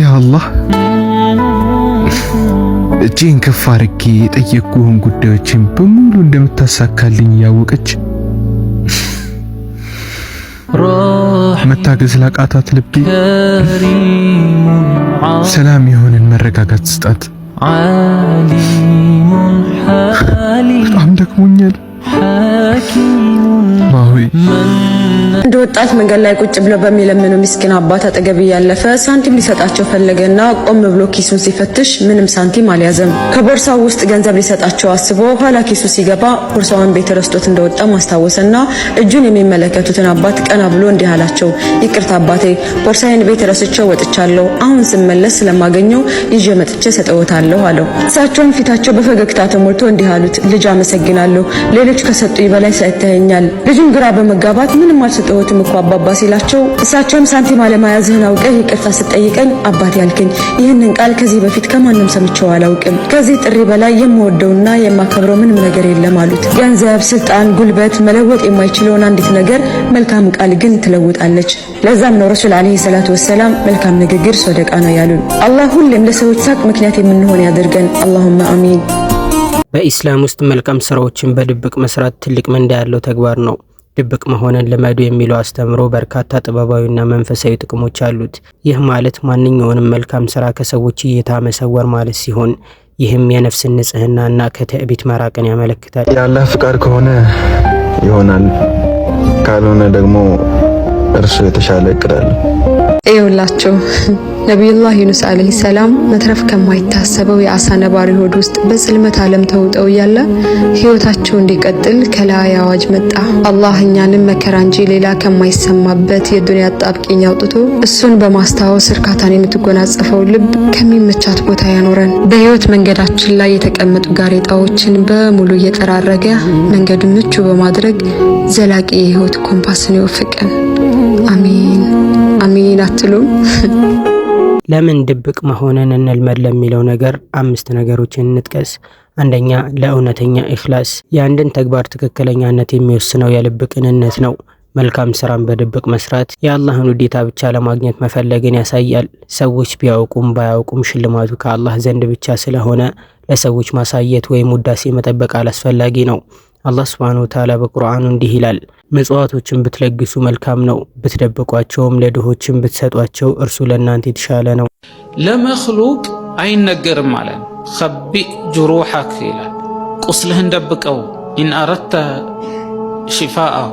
ያ አላህ እጄን ከፍ አድርጌ የጠየቅኩህን ጉዳዮችን በሙሉ እንደምታሳካልኝ እያወቀች መታገዝ ላቃታት ልቤ ሰላም የሆነን መረጋጋት ስጣት። በጣም ደክሞኛል ማሆይ አንድ ወጣት መንገድ ላይ ቁጭ ብሎ በሚለምነው ምስኪን አባት አጠገብ እያለፈ ሳንቲም ሊሰጣቸው ፈለገና ቆም ብሎ ኪሱን ሲፈትሽ ምንም ሳንቲም አልያዘም። ከቦርሳው ውስጥ ገንዘብ ሊሰጣቸው አስቦ ኋላ ኪሱ ሲገባ ቦርሳውን ቤት ረስቶት እንደወጣ ማስታወሰና እጁን የሚመለከቱትን አባት ቀና ብሎ እንዲህ አላቸው። ይቅርታ አባቴ፣ ቦርሳዬን ቤት ረስቼው ወጥቻለሁ። አሁን ስመለስ ስለማገኘው ይዤ መጥቼ ሰጠወታለሁ አለው። እሳቸውም ፊታቸው በፈገግታ ተሞልቶ እንዲህ አሉት፣ ልጅ አመሰግናለሁ። ሌሎች ከሰጡኝ በላይ ሰጥተኸኛል። ልጁም ግራ በመጋባት ምንም አልሰ አልሰጠሁትም እኮ አባባ ሲላቸው እሳቸውም ሳንቲም አለመያዝህን አውቀህ ይቅርታ ስጠይቀኝ አባት ያልክኝ ይህንን ቃል ከዚህ በፊት ከማንም ሰምቸው አላውቅም። ከዚህ ጥሪ በላይ የምወደውና የማከብረው ምንም ነገር የለም አሉት። ገንዘብ፣ ስልጣን፣ ጉልበት መለወጥ የማይችለውን አንዲት ነገር መልካም ቃል ግን ትለውጣለች። ለዛም ነው ረሱል ዓለይሂ ሰላቱ ወሰላም መልካም ንግግር ሶደቃ ነው ያሉን። አላህ ሁሌም ለሰዎች ሳቅ ምክንያት የምንሆን ያደርገን። አላሁመ አሚን። በኢስላም ውስጥ መልካም ስራዎችን በድብቅ መስራት ትልቅ ምንዳ ያለው ተግባር ነው። ድብቅ መሆንን ልመዱ የሚለው አስተምሮ በርካታ ጥበባዊና መንፈሳዊ ጥቅሞች አሉት። ይህ ማለት ማንኛውንም መልካም ስራ ከሰዎች እይታ መሰወር ማለት ሲሆን ይህም የነፍስን ንጽህናና ከትዕቢት መራቅን ያመለክታል። የአላህ ፍቃድ ከሆነ ይሆናል፣ ካልሆነ ደግሞ እርሱ የተሻለ እቅድ አለው። ይኸውላችሁ ነቢዩላህ ዩኑስ ዓለይሂ ሰላም መትረፍ ከማይታሰበው የአሳ ነባሪ ሆድ ውስጥ በጽልመት ዓለም ተውጠው እያለ ሕይወታቸው እንዲቀጥል ከላይ አዋጅ መጣ። አላህ እኛንም መከራ እንጂ ሌላ ከማይሰማበት የዱንያ ጣብቂኝ አውጥቶ እሱን በማስታወስ እርካታን የምትጎናጸፈው ልብ ከሚመቻት ቦታ ያኖረን። በህይወት መንገዳችን ላይ የተቀመጡ ጋሬጣዎችን በሙሉ እየጠራረገ መንገዱን ምቹ በማድረግ ዘላቂ የህይወት ኮምፓስን ይወፍቀን። አሜን አሜን አትሉም? ለምን ድብቅ መሆንን እንልመድ ለሚለው ነገር አምስት ነገሮችን እንጥቀስ። አንደኛ፣ ለእውነተኛ ኢኽላስ። የአንድን ተግባር ትክክለኛነት የሚወስነው የልብ ቅንነት ነው። መልካም ስራን በድብቅ መስራት የአላህን ውዴታ ብቻ ለማግኘት መፈለግን ያሳያል። ሰዎች ቢያውቁም ባያውቁም ሽልማቱ ከአላህ ዘንድ ብቻ ስለሆነ ለሰዎች ማሳየት ወይም ውዳሴ መጠበቅ አላስፈላጊ ነው። አላህ ሱብሓነሁ ወተዓላ በቁርአኑ እንዲህ ይላል ምጽዋቶችን ብትለግሱ መልካም ነው። ብትደብቋቸውም ለድሆችን ብትሰጧቸው እርሱ ለእናንተ የተሻለ ነው። ለመክሉቅ አይነገርም ማለት ከቢእ ጅሩሐክ ይላል። ቁስልህን ደብቀው። ኢን አረድተ ሽፋአሁ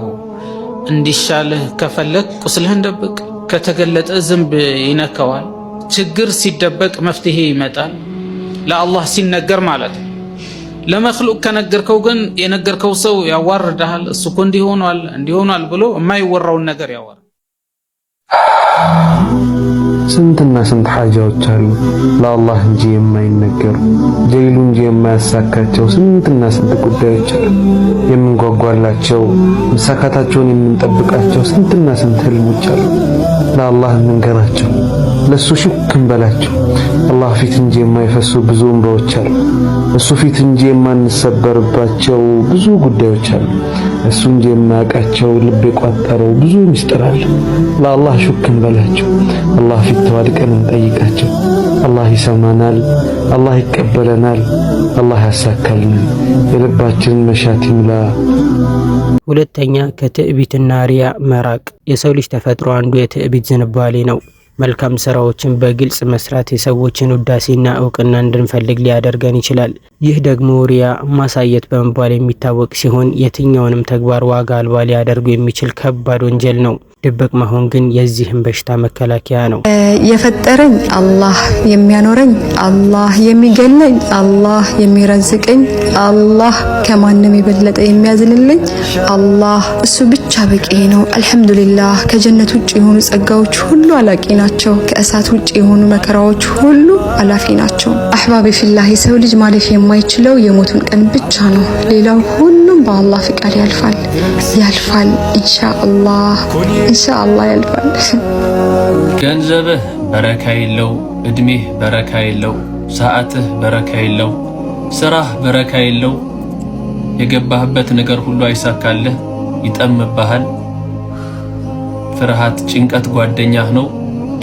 እንዲሻልህ ከፈለግ ቁስልህን ደብቅ። ከተገለጠ ዝንብ ይነከዋል። ችግር ሲደበቅ መፍትሄ ይመጣል። ለአላህ ሲነገር ማለት ነው። ለመክሉቅ ከነገርከው ግን የነገርከው ሰው ያዋርዳሃል። እሱ እኮ እንዲሆኗል እንዲሆኗል ብሎ የማይወራውን ነገር ያወራል። ስንትና ስንት ሐጃዎች አሉ ለአላህ እንጂ የማይነገሩ ጀሊሉ እንጂ የማያሳካቸው ስንትና ስንት ጉዳዮች አሉ። የምንጓጓላቸው መሳካታቸውን የምንጠብቃቸው ስንትና ስንት ህልሞች አሉ ለአላህ የምንገራቸው ለሱ ሹክ እንበላቸው። አላህ ፊት እንጂ የማይፈሱ ብዙ እንባዎች አሉ። እሱ ፊት እንጂ የማንሰበርባቸው ብዙ ጉዳዮች አሉ። እሱ እንጂ ልብ የቋጠረው ብዙ ሚስጥር አለ። ለአላህ ሹክን በላቸው አላህ ፊት ተዋድቀን እንጠይቃቸው። አላህ ይሰማናል፣ አላህ ይቀበለናል፣ አላህ ያሳካልናል። የልባችንን መሻት ይምላ። ሁለተኛ ከትዕቢትና ሪያ መራቅ። የሰው ልጅ ተፈጥሮ አንዱ የትዕቢት ዝንባሌ ነው። መልካም ስራዎችን በግልጽ መስራት የሰዎችን ውዳሴና እውቅና እንድንፈልግ ሊያደርገን ይችላል። ይህ ደግሞ ሪያ ማሳየት በመባል የሚታወቅ ሲሆን የትኛውንም ተግባር ዋጋ አልባ ሊያደርጉ የሚችል ከባድ ወንጀል ነው። ድብቅ መሆን ግን የዚህም በሽታ መከላከያ ነው። የፈጠረኝ አላህ፣ የሚያኖረኝ አላህ፣ የሚገለኝ አላህ፣ የሚረዝቀኝ አላህ፣ ከማንም የበለጠ የሚያዝንልኝ አላህ፣ እሱ ብቻ በቂ ነው። አልሐምዱሊላህ። ከጀነት ውጭ የሆኑ ጸጋዎች ሁሉ አላቂ ናቸው። ከእሳት ውጭ የሆኑ መከራዎች ሁሉ አላፊ ናቸው። አህባቢ ፊላህ የሰው ልጅ ማለፍ የማ የማይችለው የሞቱን ቀን ብቻ ነው። ሌላው ሁሉም በአላህ ፍቃድ ያልፋል ያልፋል። ኢንሻአላህ ኢንሻአላህ ያልፋል። ገንዘብህ በረካ የለው፣ እድሜህ በረካ የለው፣ ሰዓትህ በረካ የለው፣ ስራህ በረካ የለው። የገባህበት ነገር ሁሉ አይሳካልህ፣ ይጠምብሃል። ፍርሃት፣ ጭንቀት ጓደኛህ ነው።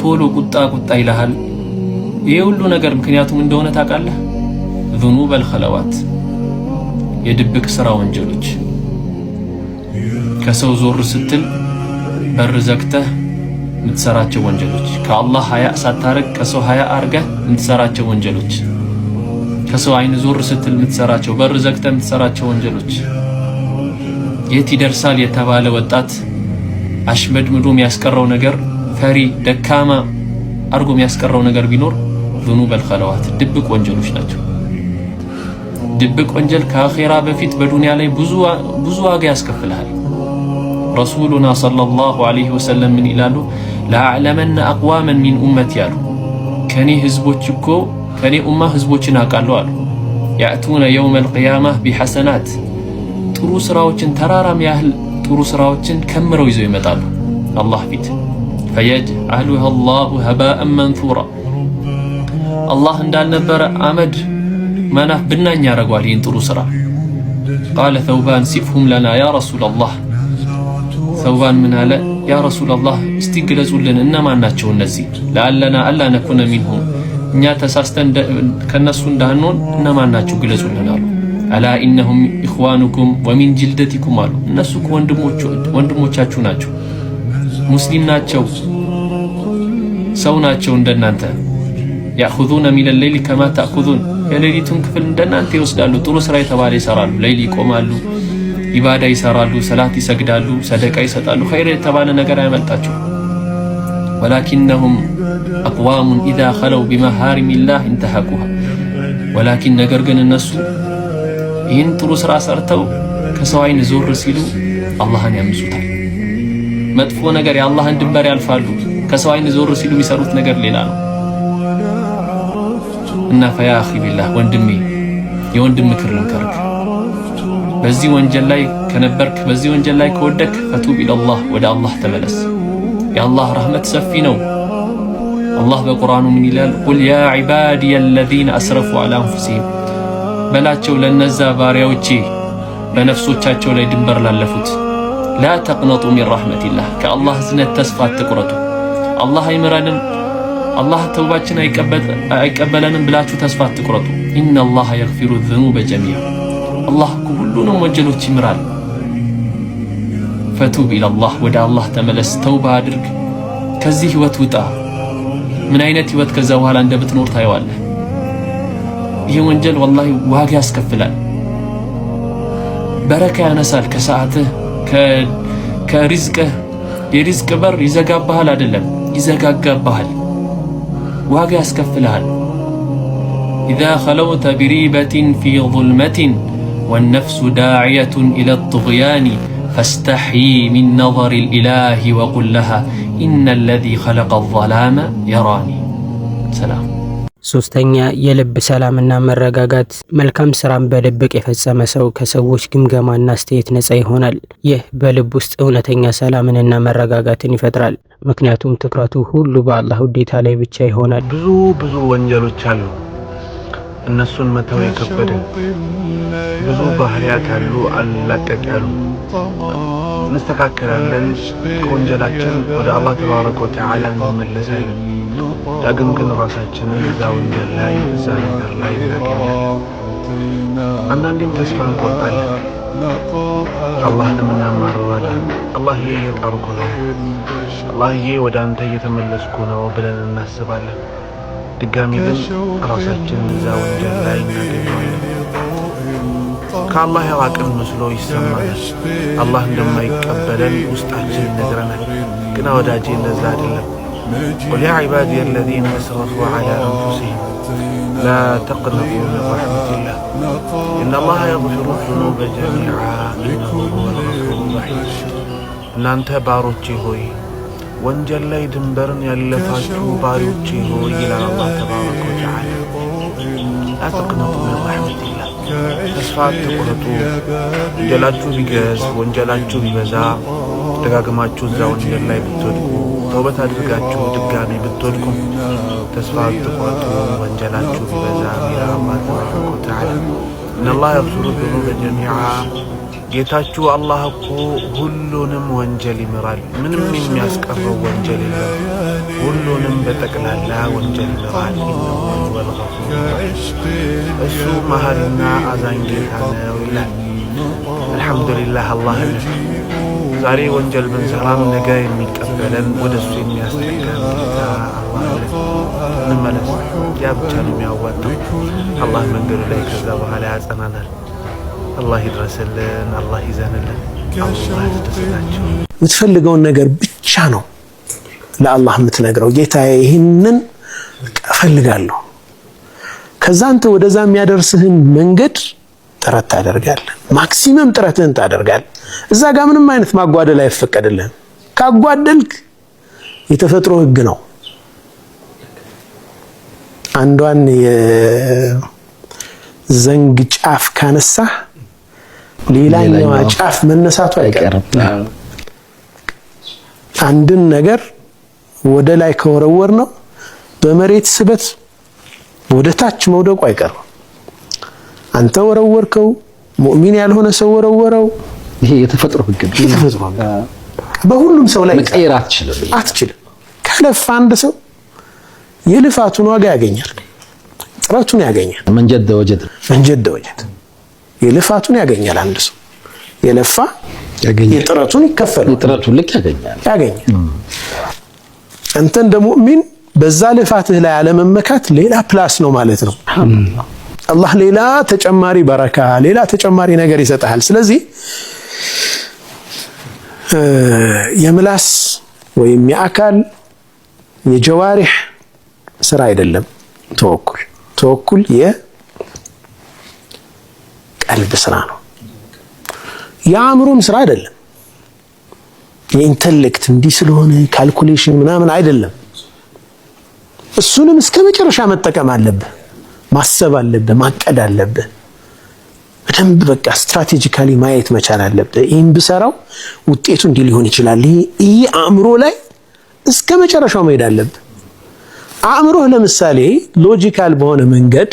ቶሎ ቁጣ ቁጣ ይልሃል። ይሄ ሁሉ ነገር ምክንያቱም እንደሆነ ታውቃለህ። ዙኑበል ኸለዋት የድብቅ ሥራ ወንጀሎች ከሰው ዞር ስትል በር ዘግተህ የምትሰራቸው ወንጀሎች ከአላህ ሀያ ሳታረግ ከሰው ሀያ አርገህ የምትሰራቸው ወንጀሎች ከሰው አይን ዞር ስትል የምትሰራቸው በር ዘግተህ የምትሰራቸው ወንጀሎች የት ይደርሳል የተባለ ወጣት አሽመድምዶ የሚያስቀረው ነገር ፈሪ ደካማ አርጎ የሚያስቀረው ነገር ቢኖር ዙኑበል ኸለዋት ድብቅ ወንጀሎች ናቸው። ድብቅ ወንጀል ከአኼራ በፊት በዱንያ ላይ ብዙ ዋጋ ያስከፍልሃል። ረሱሉና ሰለላሁ ዐለይሂ ወሰለም ምን ይላሉ? ለአዕለመና አቅዋመን ሚን ኡመት ያሉ ከኔ ህዝቦች እኮ ከኔ ኡማ ህዝቦችን አውቃለሁ አሉ። ያእቱነ የውመል ቂያማህ ቢሐሰናት ጥሩ ስራዎችን ተራራም ያህል ጥሩ ስራዎችን ከምረው ይዘው ይመጣሉ አላህ ፊት። ፈየጅዐሉሃ አላሁ ሀባአን መንቱራ አላህ እንዳልነበረ አመድ መናፍ ብናኝ ያደርገዋል ይህን ጥሩ ስራ። ቃለ ተውባን ሲፍሁም ለና ያ ረሱላላህ። ተውባን ምን አለ? ያ ረሱላላህ እስቲ ግለጹልን እነማን ናቸው እነዚህ? ለአለና አላ ነኩነ ሚንሁም እኛ ተሳስተን ከነሱ እንዳንሆን እነማን ናቸው ግለጹልን አሉ። አላ ኢነሁም ኢኽዋኑኩም ወሚን ጅልደቲኩም አሉ። እነሱ ወንድሞቻችሁ ናቸው፣ ሙስሊም ናቸው፣ ሰው ናቸው እንደናንተ። ያእኹዙነ ሚነል ሌይሊ ከማ ተእኹዙን የሌሊቱን ክፍል እንደናንተ ይወስዳሉ። ጥሩ ስራ የተባለ ይሰራሉ። ሌሊት ይቆማሉ፣ ኢባዳ ይሰራሉ፣ ሰላት ይሰግዳሉ፣ ሰደቃ ይሰጣሉ። ኸይር የተባለ ነገር አያመልጣቸው። ወላኪነሁም አቅዋሙን ኢዛ ኸለው ቢመሃሪሚላህ እንተሐቁሃ ወላኪን ነገር ግን እነሱ ይህን ጥሩ ስራ ሰርተው ከሰው አይን ዞር ሲሉ አላህን ያምፁታል። መጥፎ ነገር የአላህን ድንበር ያልፋሉ። ከሰው አይን ዞር ሲሉ የሚሰሩት ነገር ሌላ ነው። እና ፈያ አኺ ቢላህ ወንድሜ የወንድም ምክር ልምከርክ። በዚህ ወንጀል ላይ ከነበርክ፣ በዚህ ወንጀል ላይ ከወደክ ፈቱብ ኢለላህ ወደ አላህ ተመለስ። የአላህ ረህመት ሰፊ ነው። አላህ በቁርአኑ ምን ይላል? ቁል ያ ዒባዲየ አለዚነ አስረፉ ዐላ አንፉሲሂም በላቸው ለነዛ ባሪያዎቼ በነፍሶቻቸው ላይ ድንበር ላለፉት ላ ተቅነጡ ሚን ረሕመቲላህ ከአላህ ዝነት ተስፋ አትቁረጡ። አላህ አይምረንም አላህ ተውባችን አይቀበለንም ብላችሁ ተስፋ አትቁረጡ። ኢነላህ የግፊሩ ዝኑበ ጀሚዓ አላህ ሁሉንም ወንጀሎች ይምራል። ፈቱብ ኢለላህ ወደ አላህ ተመለስ፣ ተውባ አድርግ፣ ከዚህ ህይወት ውጣ። ምን አይነት ህይወት ከዛ በኋላ እንደምትኖር ታየዋለህ። ይህ ወንጀል ወላሂ ዋጋ ያስከፍላል። በረካ ያነሳል ከሰዓትህ ከሪዝቅህ የሪዝቅ በር ይዘጋባሃል። አይደለም ይዘጋጋባሃል ዋጋ ያስከፍልሃል። ኢዛ ኸለውተ ቢሪበትን ፊ ظልመትን ወነፍሱ ዳዕየቱን ኢለ ጥغያኒ ፈስተሕይ ምን ነظር ልኢላህ ወቁል ለሃ ኢነ ለዚ ኸለቀ ظላመ የራኒ። ሰላም ሶስተኛ የልብ ሰላምና መረጋጋት። መልካም ስራን በድብቅ የፈጸመ ሰው ከሰዎች ግምገማና አስተያየት ነፃ ይሆናል። ይህ በልብ ውስጥ እውነተኛ ሰላምንና መረጋጋትን ይፈጥራል። ምክንያቱም ትኩረቱ ሁሉ በአላህ ውዴታ ላይ ብቻ ይሆናል። ብዙ ብዙ ወንጀሎች አሉ፣ እነሱን መተው የከበደ ብዙ ባህሪያት አሉ፣ አልላቀቅ ያሉ እንስተካከላለን። ከወንጀላችን ወደ አላህ ተባረከ ወተዓላ እንመለሳለን። ዳግም ግን ራሳችንን እዛ ወንጀል ላይ እዛ ነገር ላይ እናገኛለን። አንዳንዴም ተስፋ እንቆርጣለን። አላህን የምናማርራለን። አላህዬ እየጣርኩ ነው፣ አላህዬ ወደ አንተ እየተመለስኩ ነው ብለን እናስባለን። ድጋሚ ግን ራሳችን እዛ ወንጀል ላይ እናገኘዋለን። ከአላህ የራቅን መስሎ ይሰማናል። አላህ እንደማይቀበለን ውስጣችን ይነግረናል። ግና ወዳጄ እንደዛ አይደለም። قل يا عبادي الذين اسرفوا على انفسهم لا تقنطوا من رحمة الله إن الله يغفر الذنوب جميعا إنه هو الغفور الرحيم نانتا باروتشي هوي ونجل ليدن برن يلا فاتو باروتشي هوي إلى الله تبارك وتعالى لا تقنطوا من رحمة الله تسفات تقنطوا جلاتو بجاز ونجلاتو ببزا تقاقماتو زاون جلاي بتودكو ተውበት አድርጋችሁ ድጋሚ ብትወድቁ ተስፋ አትቆርጡ። ወንጀላችሁ ቢበዛ ኢላ አላህ ተባረከ ወተዓላ እነላህ የግፊሩ ዙኑበ ጀሚዓ ጌታችሁ አላህ እኮ ሁሉንም ወንጀል ይምራል። ምንም የሚያስቀረው ወንጀል የለም። ሁሉንም በጠቅላላ ወንጀል ይምራል። እሱ መሀሪና አዛኝ ጌታ ነው ይላል። አልሐምዱሊላህ አላህ ዛሬ ወንጀል ብንሰራም ነገ የሚቀበለን ወደ እሱ የሚያስጠጋን እንመለስ። ያ ብቻ ነው የሚያዋጣው። አላህ መንገዱ ላይ ከዛ በኋላ ያጸናናል። አላህ ይድረስልን፣ አላህ ይዘንልን፣ አላህ ይደስላቸው። የምትፈልገውን ነገር ብቻ ነው ለአላህ የምትነግረው። ጌታ ይህንን እፈልጋለሁ። ከዛ አንተ ወደዛ የሚያደርስህን መንገድ ጥረት ታደርጋለህ። ማክሲመም ጥረትህን ታደርጋለህ። እዛ ጋር ምንም አይነት ማጓደል አይፈቀድልህም። ካጓደልክ የተፈጥሮ ህግ ነው። አንዷን የዘንግ ጫፍ ካነሳ ሌላኛዋ ጫፍ መነሳቱ አይቀርም። አንድን ነገር ወደ ላይ ከወረወር ነው በመሬት ስበት ወደ ታች መውደቁ አይቀርም። አንተ ወረወርከው፣ ሙእሚን ያልሆነ ሰው ወረወረው። ይሄ የተፈጥሮ ህግ በሁሉም ሰው ላይ መቀየር አትችልም አትችልም። ከለፋ አንድ ሰው የልፋቱን ዋጋ ያገኛል፣ ጥረቱን ያገኛል። መንጀድ ወጀድ መንጀድ ወጀድ የልፋቱን ያገኛል። አንድ ሰው የለፋ የጥረቱን ይከፈላል፣ የጥረቱን ልክ ያገኛል ያገኛል። አንተ እንደ ሙእሚን በዛ ልፋትህ ላይ አለመመካት ሌላ ፕላስ ነው ማለት ነው። አላህ ሌላ ተጨማሪ በረካ፣ ሌላ ተጨማሪ ነገር ይሰጣል ስለዚህ የምላስ ወይም የአካል የጀዋሪህ ስራ አይደለም። ተወኩል ተወኩል የቀልብ ስራ ነው። የአእምሮም ስራ አይደለም። የኢንተሌክት እንዲህ ስለሆነ ካልኩሌሽን ምናምን አይደለም። እሱንም እስከ መጨረሻ መጠቀም አለብህ። ማሰብ አለብህ። ማቀድ አለብህ። በደንብ በቃ ስትራቴጂካሊ ማየት መቻል አለብህ። ይህን ብሰራው ውጤቱ እንዲህ ሊሆን ይችላል። ይህ አእምሮ ላይ እስከ መጨረሻው መሄድ አለብህ። አእምሮህ ለምሳሌ ሎጂካል በሆነ መንገድ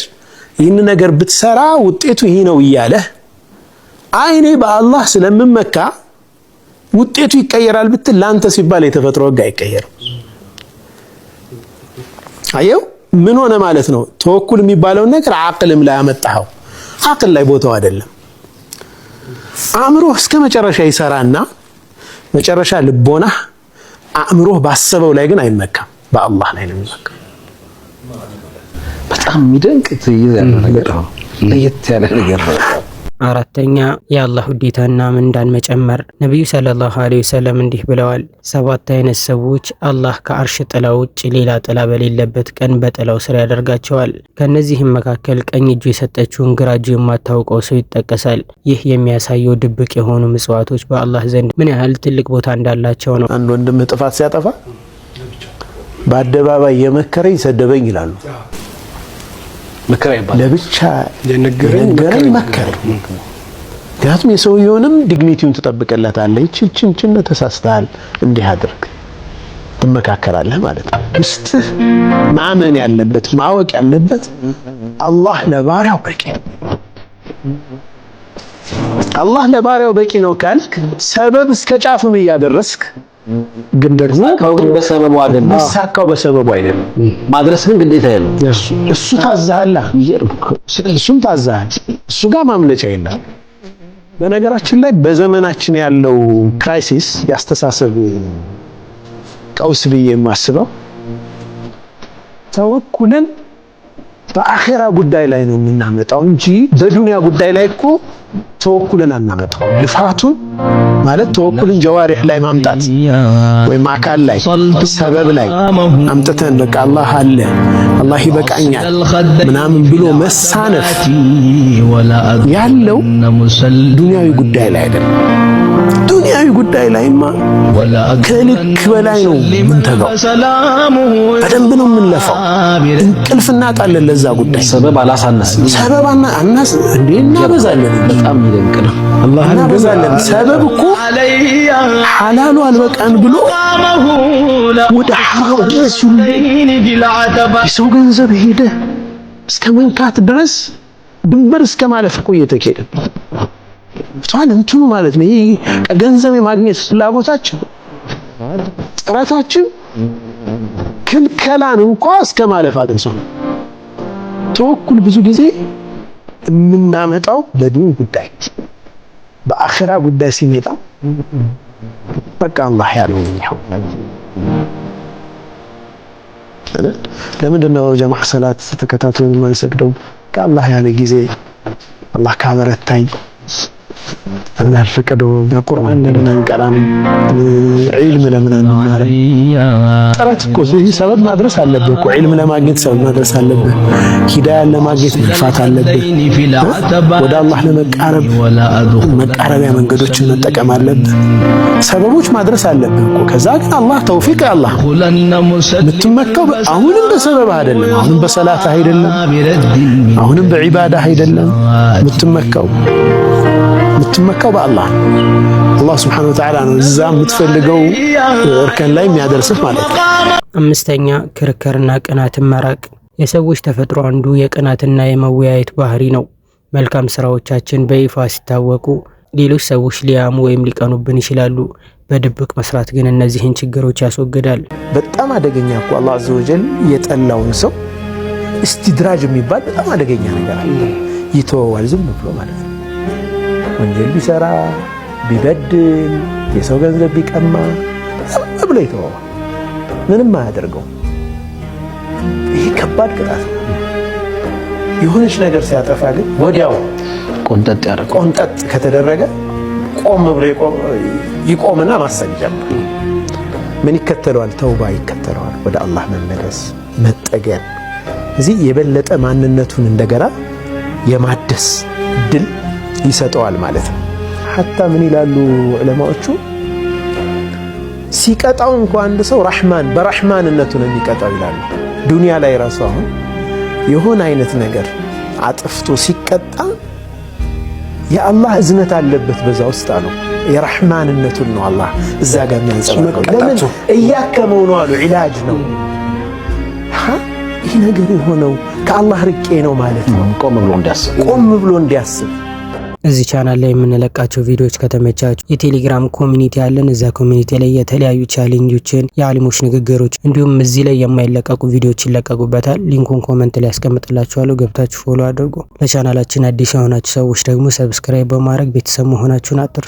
ይህን ነገር ብትሰራ ውጤቱ ይህ ነው እያለህ አይኔ በአላህ ስለምመካ ውጤቱ ይቀየራል ብትል ለአንተ ሲባል የተፈጥሮ ህግ አይቀየርም። አየው ምን ሆነ ማለት ነው። ተወኩል የሚባለውን ነገር አቅልም ላይ አመጣኸው። አቅል ላይ ቦታው አይደለም። አእምሮህ እስከ መጨረሻ ይሰራና መጨረሻ ልቦና አእምሮህ ባሰበው ላይ ግን አይመካም፣ በአላህ ላይ ነው የሚመካው። በጣም የሚደንቅ ትይዝ ያለ ነገር ለየት ያለ ነገር ነው። አራተኛ የአላህ ውዴታና ምንዳን መጨመር። ነቢዩ ሰለላሁ ዐለይሂ ወሰለም እንዲህ ብለዋል፣ ሰባት አይነት ሰዎች አላህ ከአርሽ ጥላ ውጭ ሌላ ጥላ በሌለበት ቀን በጥላው ስር ያደርጋቸዋል። ከእነዚህም መካከል ቀኝ እጁ የሰጠችውን ግራ እጁ የማታውቀው ሰው ይጠቀሳል። ይህ የሚያሳየው ድብቅ የሆኑ ምጽዋቶች በአላህ ዘንድ ምን ያህል ትልቅ ቦታ እንዳላቸው ነው። አንድ ወንድም ጥፋት ሲያጠፋ በአደባባይ የመከረኝ ሰደበኝ ይላሉ። ለብቻ የነገረኝ መከረኝ። ምክንያቱም የሰውየውንም ዲግኒቲውን ትጠብቅለታለህ። ይችን ችን ተሳስተሃል፣ እንዲህ አድርግ ትመካከራለህ ማለት ነው። ውስጥህ ማመን ያለበት ማወቅ ያለበት አላህ ለባሪያው በቂ አላህ ለባሪያው በቂ ነው ካልክ ሰበብ እስከ ጫፍም እያደረስክ ግን ደግሞ በሰበቡ አይደለም መሳካው በሰበቡ አይደለም። ማድረስ ግን ግዴታ ያለው እሱ ታዛላ እሱም ታዛ እሱ ጋር ማምለጫ የለም። በነገራችን ላይ በዘመናችን ያለው ክራይሲስ ያስተሳሰብ ቀውስ ብዬ የማስበው ተወኩለን በአኼራ ጉዳይ ላይ ነው የምናመጣው እንጂ በዱንያ ጉዳይ ላይ እኮ ተወኩልን አናመጣው። ልፋቱ ማለት ተወኩልን ጀዋሪህ ላይ ማምጣት ወይም አካል ላይ ሰበብ ላይ አምጥተን በቃ አላህ አለ አላህ ይበቃኛል ምናምን ብሎ መሳነፍ ያለው ዱንያዊ ጉዳይ ላይ አይደለም። በዱንያዊ ጉዳይ ላይማ ከልክ በላይ ነው ምንተጋው። በደንብ ነው የምንለፋው። እንቅልፍ እናጣለን ለዛ ጉዳይ። ሰበብ አላሳነስ ሰበብ አናስ እንዴ እናበዛለን። በጣም ይደንቅ ነው። አላህ እናበዛለን። ሰበብ እኮ ሐላሉ አልበቃን ብሎ ወደ ሐራም ድረስ ሁሉ የሰው ገንዘብ ሄደ እስከ መንካት ድረስ ድንበር እስከ ማለፍ እኮ እየተኬደ እሷን እንትኑ ማለት ነው። ይሄ ገንዘብ የማግኘት ፍላጎታችን ጥረታችን ክልከላን እንኳ እስከ ማለፍ አድርሶ ተወኩል ብዙ ጊዜ የምናመጣው በዲን ጉዳይ በአኺራ ጉዳይ ሲመጣ በቃ አላህ ያለው ነው። ለምንድን ነው ጀማዓ ሰላት ተከታትሎ የማንሰግደው? ከአላህ ያለ ጊዜ አላህ ካበረታኝ እናልፈቀዶ ቁርአን ለምን አንቀራም? ዒልም ለምን አንማርም? ጥረት እኮ ሰበብ ማድረስ አለብህ እኮ ዒልም ለማግኘት ሰበብ ማድረስ አለብህ። ሂዳያን ለማግኘት መግፋት አለብህ። ወደ አላህ ለመቃረብ መቃረቢያ መንገዶችን መጠቀም አለብህ። ሰበቦች ማድረስ አለብህ እኮ ከዛ ግን አላህ ተውፊቅ አላህ የምትመካው አሁንም በሰበብ አይደለም። አሁንም በሰላት አይደለም። አሁንም በዒባዳ አይደለም የምትመካው የምትመካው በአላህ አላህ ስብሐነሁ ወተዓላ ነው እዛ የምትፈልገው እርከን ላይ የሚያደርስህ ማለት ነው። አምስተኛ ክርክርና ቅናትን መራቅ። የሰዎች ተፈጥሮ አንዱ የቅናትና የመወያየት ባህሪ ነው። መልካም ስራዎቻችን በይፋ ሲታወቁ ሌሎች ሰዎች ሊያሙ ወይም ሊቀኑብን ይችላሉ። በድብቅ መስራት ግን እነዚህን ችግሮች ያስወግዳል። በጣም አደገኛ እኮ አላህ አዘወጀል የጠላውን ሰው እስቲድራጅ የሚባል በጣም አደገኛ ነገር አለ። ይተወዋል ዝም ብሎ ማለት ነው። ወንጀል ቢሰራ ቢበድል የሰው ገንዘብ ቢቀማ ብሎ ይተወዋል። ምንም አያደርገው። ይሄ ከባድ ቅጣት ነው። የሆነች ነገር ሲያጠፋ ግን ወዲያው ቆንጠጥ ያደረገ ቆንጠጥ ከተደረገ ቆም ብሎ ይቆምና ማሰብ ምን ይከተለዋል? ተውባ ይከተለዋል። ወደ አላህ መመለስ፣ መጠገን፣ እዚህ የበለጠ ማንነቱን እንደገና የማደስ እድል ይሰጠዋል ማለት ነው። ሐታ ምን ይላሉ ዕለማዎቹ ሲቀጣው እንኳ አንድ ሰው ራሕማን በራሕማንነቱ ነው የሚቀጣው ይላሉ። ዱንያ ላይ ራሱ አሁን የሆነ አይነት ነገር አጥፍቶ ሲቀጣ የአላህ እዝነት አለበት በዛ ውስጥ አሉ። የራሕማንነቱን ነው አላህ እዛ ጋር የሚያንጸባርቀው። ለምን እያከመው ነው አሉ። ዒላጅ ነው ይህ ነገር የሆነው ከአላህ ርቄ ነው ማለት ነው። ቆም ብሎ እንዲያስብ እዚህ ቻናል ላይ የምንለቃቸው ቪዲዮዎች ከተመቻችሁ የቴሌግራም ኮሚኒቲ አለን። እዛ ኮሚኒቲ ላይ የተለያዩ ቻሌንጆችን፣ የአሊሞች ንግግሮች እንዲሁም እዚህ ላይ የማይለቀቁ ቪዲዮዎች ይለቀቁበታል። ሊንኩን ኮመንት ላይ ያስቀምጥላችኋለሁ። ገብታችሁ ፎሎ አድርጉ። ለቻናላችን አዲስ የሆናችሁ ሰዎች ደግሞ ሰብስክራይብ በማድረግ ቤተሰብ መሆናችሁን አትርሱ።